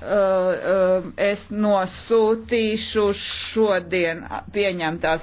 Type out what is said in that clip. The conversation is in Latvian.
Uh, uh, es nosūtīšu šodien pieņemtās